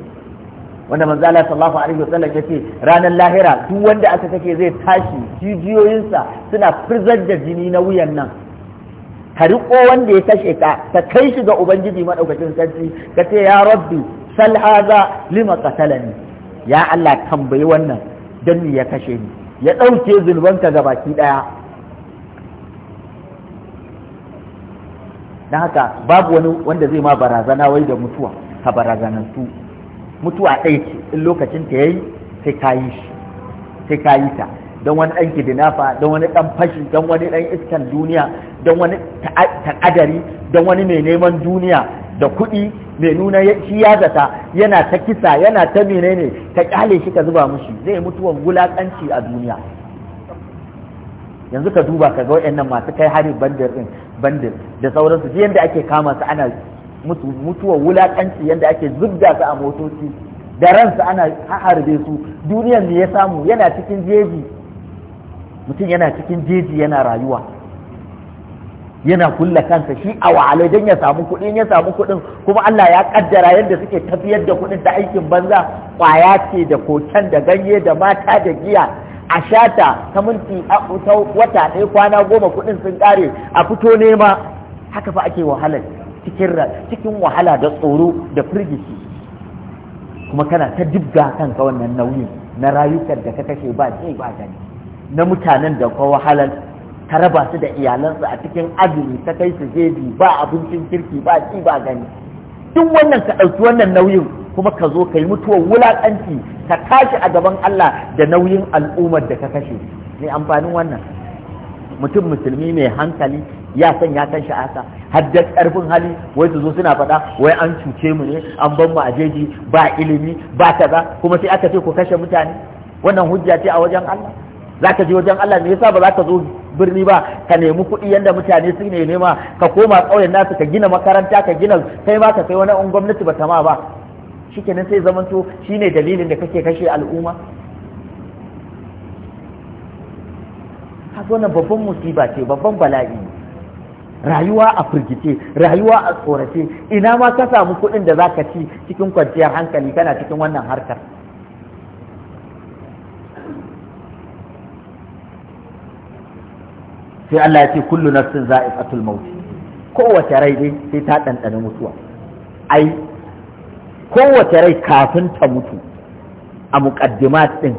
wanda manzo Allah sallallahu alaihi wasallam yace ranar lahira duk wanda aka take zai tashi jijiyoyinsa suna firzar da jini na wuyan nan ka riƙo wanda ya kashe ka ka kai shi ga ubangiji maɗaukacin sarki ka ce ya rabbi sal haza lima qatalani ya Allah tambayi wannan dan ya kashe ni ya ɗauke zunubanka ga baki ɗaya don haka babu wani wanda zai ma barazana wai da mutuwa ka barazanantu mutuwa ɗaya ce in lokacin ta yayi sai yi sai ka yi ta don wani ɗan kidinafa don wani ɗan fashi don wani ɗan iskan duniya don wani ta'adari don wani mai neman duniya da kuɗi mai nuna shi ya zata yana ta kisa yana ta menene ta kyale shi ka zuba mushi zai wa wulaƙanci a duniya yanzu ka duba ka ga wayannan masu kai hari bandir din bandir da sauransu ji yadda ake kama su ana mutuwar wulaƙanci yadda ake zubda su a motoci da ransu ana harbe su duniyar ne ya samu yana cikin jeji mutum yana cikin jeji yana rayuwa yana kulle kansa shi a wahale don ya samu kuɗin ya samu kuɗin kuma Allah ya ƙaddara yadda suke tafiyar da kuɗin da aikin banza ƙwaya ce da koken da ganye da mata da giya a shata ta minti a wata ɗaya kwana goma kuɗin sun ƙare a fito nema haka fa ake wahalar cikin wahala da tsoro da firgici kuma kana ta dubga kanka wannan nauyin na rayukan da ka kashe ba ce ba gani na mutanen da kwa wahalar ta raba su da iyalansu a cikin azumi ta kai su jeji ba abincin kirki ba ci ba gani duk wannan ka ɗauki wannan nauyin kuma ka zo ka yi mutuwar wulaƙanci ka tashi a gaban Allah da nauyin al'ummar da ka kashe ne amfanin wannan mutum musulmi mai hankali ya san ya kan sha'asa har da hali wai su zo suna faɗa wai an cuce mu ne an ban mu a jeji ba ilimi ba kaza kuma sai aka ce ku kashe mutane wannan hujja ce a wajen Allah za ka je wajen Allah me yasa ba za ka zo birni ba ka nemi kuɗi yadda mutane su ne nema ka koma ƙauyen nasu ka gina makaranta ka gina kai ma ka kai wani in gwamnati ba ta ma ba shikenan sai zamanto shine dalilin da kake kashe al'umma wannan babban musiba ce babban bala'i rayuwa a firgice rayuwa a tsorace ina ma ka samu kuɗin da za ka ci cikin kwanciyar hankali kana cikin wannan harkar sai Allah ya ce kullu nafsin za'iqatul maut kowace rai dai sai ta ɗanɗana mutuwa ai kowace rai kafin ta mutu a muƙaddimat ɗin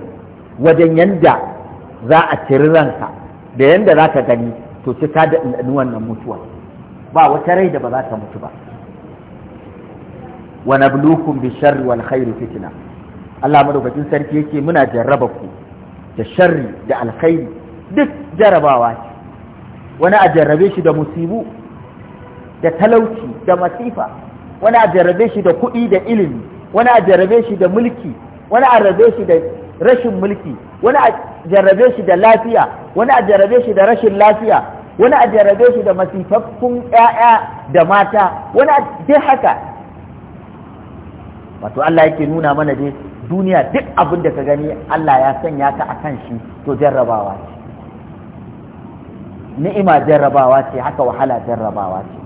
wajen yanda za a ciri ranka da yanda za ka gani to sai ta ɗanɗani wannan mutuwa ba wata rai da ba za ta mutu ba wa nabluukum bi sharri wal khairi fitna Allah madaukakin sarki yake muna jarraba ku da sharri da alkhairi duk jarabawa wani a jarrabe shi da musibu da talauci da masifa wani a jarrabe shi da kuɗi da ilimi wani a jarrabe shi da mulki wani a jarrabe shi da rashin mulki wani a jarrabe shi da lafiya wani a jarrabe shi da rashin lafiya wani a jarrabe shi da masifaffun ƴaƴa da mata wani a dai haka wato Allah yake nuna mana dai duniya duk abin da ka gani Allah ya sanya ka akan shi to jarrabawa ce ni'ima jarrabawa ce haka wahala jarrabawa ce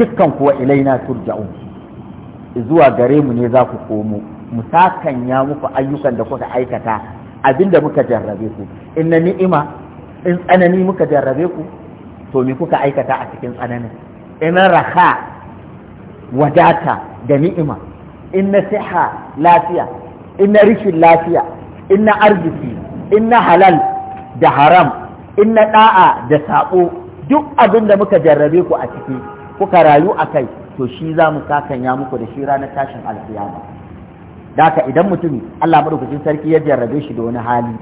dukkan kuwa ilaina turja'un zuwa gare mu ne za ku komo mu sakanya muku ayyukan da kuka aikata abinda muka jarrabe ku in na ni'ima in tsanani muka jarrabe ku to me kuka aikata a cikin tsananin in raha wadata da ni'ima in na siha lafiya in na rishin lafiya in na arziki in na halal da haram in na ɗa'a da saƙo duk abin da muka jarrabe ku a ciki kuka rayu a kai to shi za mu sakanya muku da shi ranar tashin alkiyama daka idan mutum Allah madaukakin sarki ya jarrabe shi da wani hali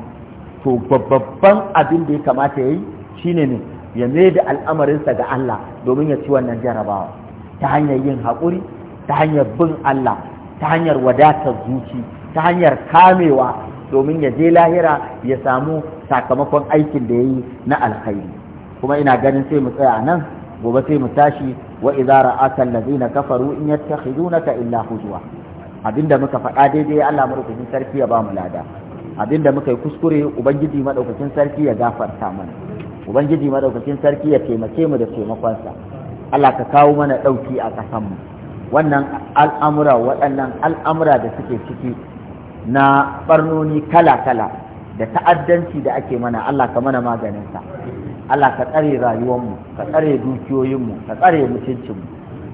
to babban abin da ya kamata ya yi shine ne ya mai da al'amarinsa ga Allah domin ya ci wannan jarrabawa ta hanyar yin haƙuri ta hanyar bin Allah ta hanyar wadatar zuci ta hanyar kamewa domin ya je lahira ya samu sakamakon aikin da ya yi na alkhairi kuma ina ganin sai mu tsaya nan gobe sai mu tashi wa idza ra'aka allazina kafaru in yattakhidunaka illa huzwa abinda muka faɗa daidai Allah madaukakin sarki ya ba mu lada abinda muka yi kuskure ubangiji madaukakin sarki ya gafarta mana ubangiji madaukakin sarki ya taimake mu da taimakonsa Allah ka kawo mana ɗauki a ƙasanmu wannan al'amura waɗannan al'amura da suke ciki na barnoni kala-kala da ta'addanci da ake mana Allah ka mana maganinsa Allah ka tsare rayuwanmu, ka tsare dukiyoyinmu ka tsare mutuncinmu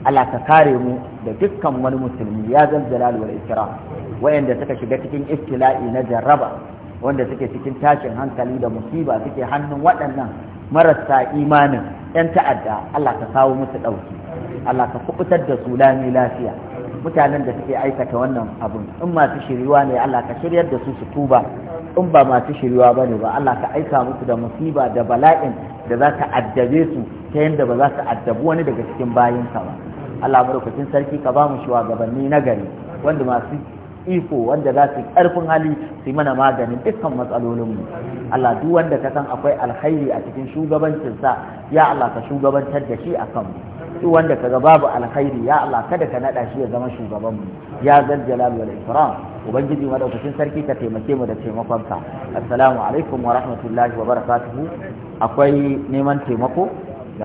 Allah ka kare mu da dukkan wani musulmi ya zan jalal wal wayanda suka shiga cikin iftila'i na jarraba wanda suke cikin tashin hankali da musiba suke hannun waɗannan marasa imanin 'yan ta'adda Allah ka kawo musu ɗauki Allah ka kubutar da su lami lafiya mutanen da suke aikata wannan abun in masu shiriwa ne Allah ka shiryar da su su tuba in ba masu shiriwa bane ba Allah ka aika musu da musiba da bala'in da za ta addabe su ta yadda ba za su addabi wani daga cikin bayinka ba Allah madaukakin sarki ka ba mu shugabanni na gari wanda masu iko wanda za su karfin hali su mana maganin dukkan matsalolin mu Allah duk wanda ka san akwai alkhairi a cikin shugabancinsa ya Allah ka shugabantar da shi a mu duk wanda ga babu alkhairi ya Allah kada ka nada shi ya zama shugaban mu ya zal jalal wal ikram ubangiji madaukakin sarki ka taimake mu da taimakon ka assalamu alaikum wa rahmatullahi wa barakatuhu akwai neman taimako